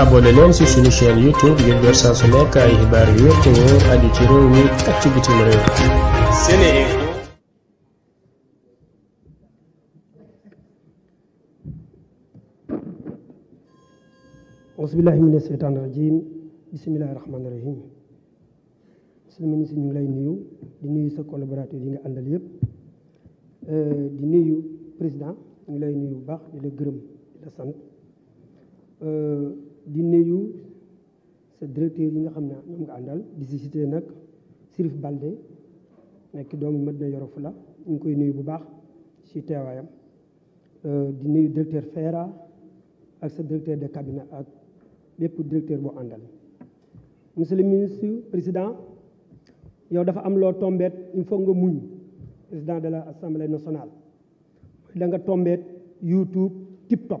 abonné leen ci suñu chaîne YouTube ngir jot saa su nekk ay xibaar yu wér te wóor aju ci réew mi ak ci bitim réew. auzu billaahi mina sheytaani rajiim bismillaahi rahmaani rahiim muslimiin si ñu ngi lay nuyu di nuyu sa collaborateur yi nga àndal yëpp euh, di nuyu président ñu ngi lay nuyu bu baax di la gërëm di la sant euh, di nuyu sa directeur yi nga xam ne ñoom nga àndal di si cité nag Sirif Balde nekk doomu na Yoro Fula ñu ngi koy nuyu bu baax si teewaayam euh, di nuyu directeur Fera ak sa directeur de cabinet ak bépp directeur boo àndal monsieur le président yow dafa am loo tombeet il faut nga muñ président de la l'Assemblée nationale da nga tombeet YouTube TikTok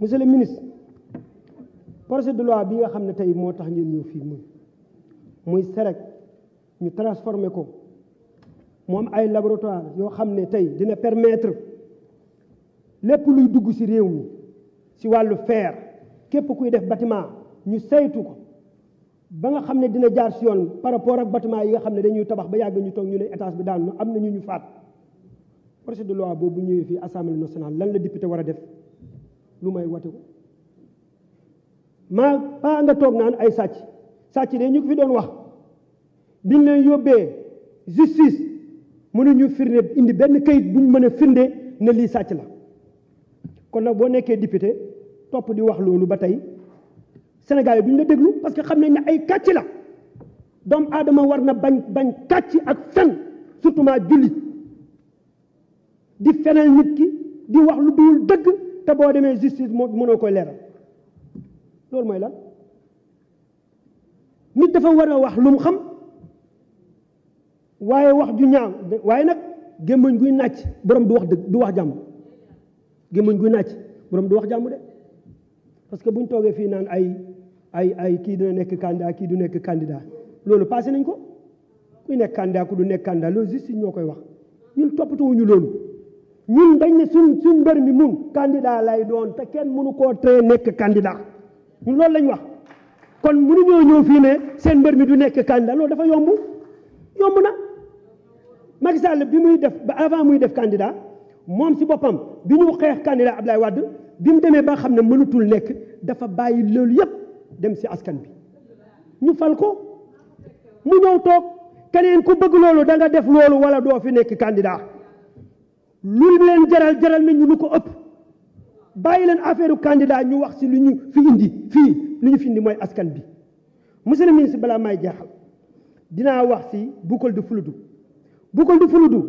monsieur le ministre projet de loi bi nga xam ne tey moo tax ngeen ñëw fii muy muy serek ñu transformé ko moom ay laboratoire yoo xam ne tey dina permettre lépp luy dugg ci réew mi ci wàllu feer képp kuy def bâtiment ñu saytu ko ba nga xam ne dina jaar ci yoon par rapport ak bâtiment yi nga xam ne dañuy tabax ba yàgg ñu toog ñu ne étage bi daal am na ñu ñu faat projet de loi boobu ñëwee fii assemblée nationale lan la député war a def lu may wate maa paa nga toog naan ay sàcc sàcc de ñu fi doon wax biñ leen yóbbee justice mënuñu firnde indi benn kayit buñ mën a firnde ne lii sàcc la kon nag boo nekkee député topp di wax loolu ba tey Sénégal yi duñ la déglu parce que xam nañ ne ay kàcc la doomu aadama war na bañ bañ kàcc ak fen surtout maa jullit di fenal nit ki di wax lu dul dëgg te boo demee justice moo mënoo koy leeral loolu mooy lan nit dafa war a wax lu xam waaye wax ju ñaam waaye nag gémmañ guy nàcc borom du wax dëgg du wax jàmm gémmañ guy nàcc borom du wax jàmm de parce que bu ñu toogee fii naan ay ay ay kii dina nekk candidat kii du nekk candidat loolu passé nañ ko kuy nekk candidat ku du nekk candidat loolu justice ñoo koy wax ñun toppatoo wuñu loolu ñun dañ ne suñ suñ mbër mi mun candidat lay doon te kenn mënu koo tee nekk candidat ñun loolu lañ wax kon mënuñoo ñëw fii ne seen mbër mi du nekk candidat loolu dafa yomb yomb na Macky Sall bi muy def ba avant muy def candidat moom si boppam bi ñu xeex candidat Abdoulaye Wade bi mu demee ba xam ne mënutul nekk dafa bàyyi loolu yépp dem si askan bi ñu fal ko mu ñëw toog keneen ku bëgg loolu da nga def loolu wala doo fi nekk candidat lu leen jaral jaral nañ ñu lu ko ëpp bàyyi leen affaire candidat ñu wax si lu ñu fi indi fii lu ñu fi indi mooy askan bi monsieur le ministre balaa may jeexal dinaa wax si Boucole du Fuludu Boucole du Fuludu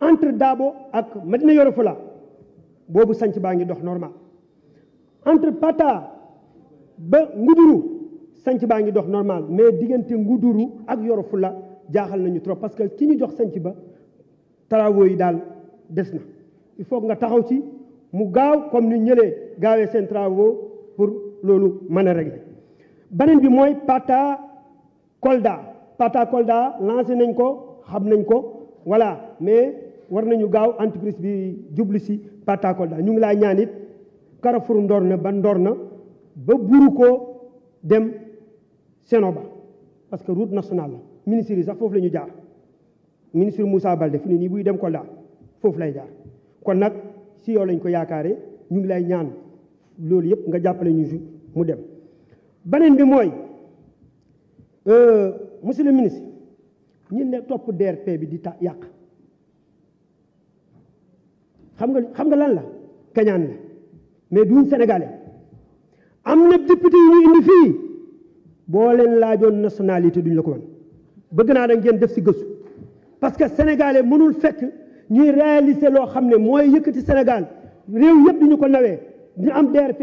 entre Dabo ak Madina Yoro Fula boobu sanc baa ngi dox normal entre Pata ba Nguduru sanc baa ngi dox normal mais diggante Nguduru ak Yoro Fula jaaxal nañu trop parce que ci ñu jox sanc ba travaux yi daal des na il faut nga taxaw ci mu gaaw comme ni ñëlee gaawee seen travaux pour loolu mën a régler beneen bi mooy Pata Kolda Pata Kolda lancé nañ ko xam nañ ko voilà mais war nañu gaaw entreprise bi jublu si Pata Kolda ñu ngi laa ñaanit it Carrefour ndoor na ba ndoor na ba buru ko dem Sénoba parce que route nationale la ministère yi sax foofu la ñu jaar ministre Moussa Baldé fu ne nii buy dem ko laa foofu lay jaar kon nag si yow lañ ko yaakaare ñu ngi lay ñaan loolu yëpp nga jàppale ñu si mu dem beneen bi mooy euh, monsieur le ministre ñi ne topp DRP bi di ta yàq xam nga xam nga lan la kañaan la mais duñ sénégalais am na député yu ñu indi fii boo leen laajoon nationalité duñ la ko wan bëgg naa da ngeen def si gëstu parce que sénégalais mënul fekk ñuy réaliser loo xam ne mooy yëkkati Sénégal réew yëpp di ñu ko nawee ñu am DRP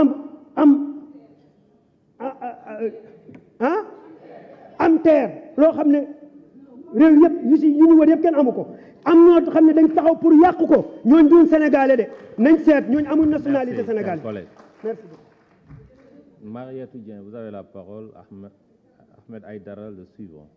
am am ah am TER loo xam ne réew yëpp ñu si ñu ñu war yëpp kenn amu ko am noo xam ne dañ taxaw pour yàq ko ñooñ duñ sénégalais de nañ seet ñooñ amul nationalité sénégalaise merci Mariette Dien vous avez la parole Ahmed Ahmed Aïdara le suivant